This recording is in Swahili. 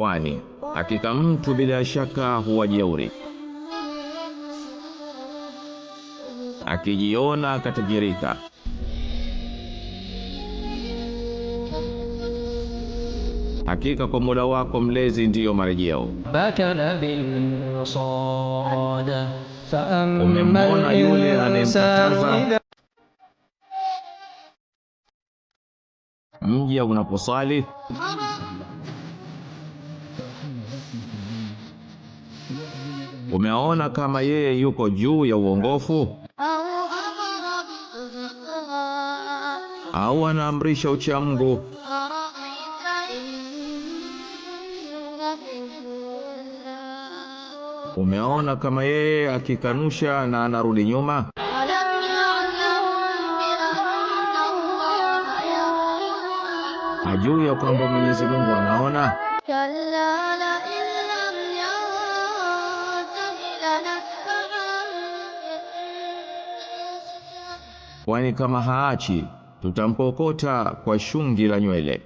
kwani hakika mtu bila shaka huwa jeuri akijiona akatajirika. Hakika kwa Mola wako mlezi ndiyo marejeo. Bakala mja unaposali Umeona kama yeye yuko juu ya uongofu au anaamrisha uchamgu Umeona kama yeye akikanusha na anarudi nyuma? Ajuu ya kwamba Mwenyezi Mungu anaona? kwani kama haachi tutampokota kwa shungi la nywele.